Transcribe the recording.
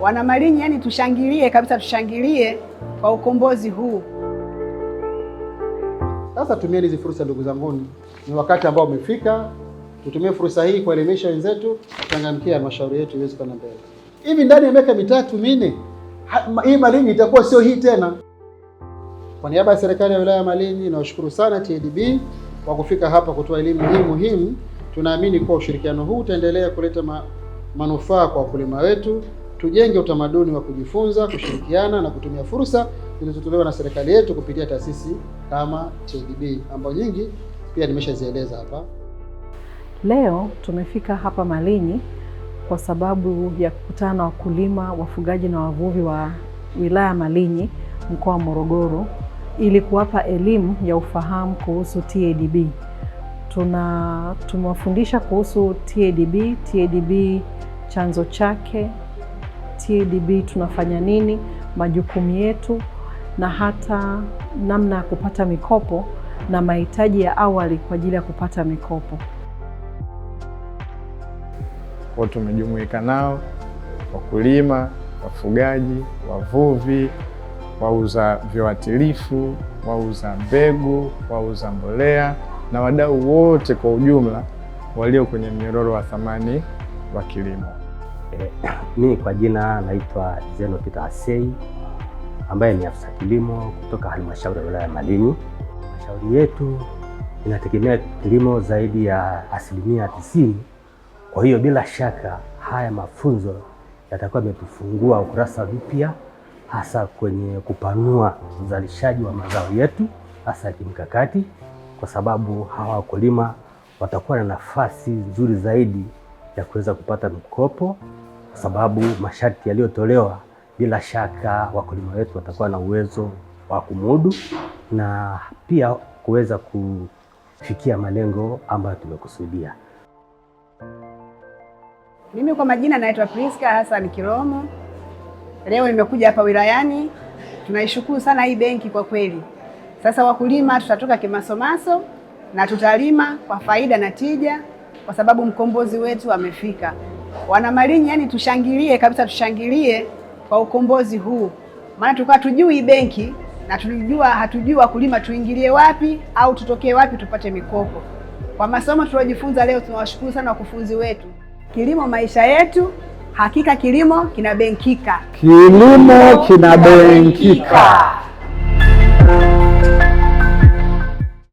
Wana Malinyi, yani tushangilie kabisa, tushangilie kwa ukombozi huu. Sasa tumieni hizi fursa, ndugu zanguni, ni wakati ambao umefika. Tutumie fursa hii kuelimisha wenzetu, changamkia halmashauri yetu iweze kwenda mbele. Hivi ndani ya miaka mitatu minne hii Malinyi itakuwa sio hii tena. Kwa niaba ya serikali ya wilaya ya Malinyi, nawashukuru sana TADB kwa kufika hapa kutoa elimu hii muhimu. Tunaamini kuwa ushirikiano huu utaendelea kuleta ma, manufaa kwa wakulima wetu. Tujenge utamaduni wa kujifunza, kushirikiana na kutumia fursa zilizotolewa na serikali yetu kupitia taasisi kama TADB ambayo nyingi pia nimeshazieleza hapa. Leo tumefika hapa Malinyi kwa sababu ya kukutana na wakulima, wafugaji na wavuvi wa wilaya Malinyi, mkoa wa Morogoro ili kuwapa elimu ya ufahamu kuhusu TADB tuna tumewafundisha kuhusu TADB, TADB chanzo chake, TADB tunafanya nini, majukumu yetu, na hata namna ya kupata mikopo na mahitaji ya awali kwa ajili ya kupata mikopo. Kwa tumejumuika nao wakulima, wafugaji, wavuvi, wauza viuatilifu, wauza mbegu, wauza mbolea na wadau wote kwa ujumla walio kwenye mnyororo wa thamani wa kilimo. E, eh, mimi kwa jina naitwa Zeno Peter Asei ambaye ni afisa kilimo kutoka halmashauri ya wilaya ya Malinyi. Halmashauri yetu inategemea kilimo zaidi ya asilimia tisini. Kwa hiyo bila shaka haya mafunzo yatakuwa yametufungua ukurasa mpya, hasa kwenye kupanua uzalishaji wa mazao yetu hasa ya kimkakati kwa sababu hawa wakulima watakuwa na nafasi nzuri zaidi ya kuweza kupata mkopo, kwa sababu masharti yaliyotolewa, bila shaka wakulima wetu watakuwa na uwezo wa kumudu na pia kuweza kufikia malengo ambayo tumekusudia. Mimi kwa majina naitwa Priska Hassan Kiromo. Leo nimekuja hapa wilayani. Tunaishukuru sana hii benki kwa kweli. Sasa wakulima tutatoka kimasomaso na tutalima kwa faida na tija, kwa sababu mkombozi wetu amefika. Wana Malinyi, yani tushangilie kabisa, tushangilie kwa ukombozi huu, maana tulikuwa benki na tulijua hatujui wakulima tuingilie wapi au tutokee wapi tupate mikopo. Kwa masomo tuliojifunza leo, tunawashukuru sana wakufunzi wetu. Kilimo maisha yetu, hakika kilimo kinabenkika, kilimo kinabenkika.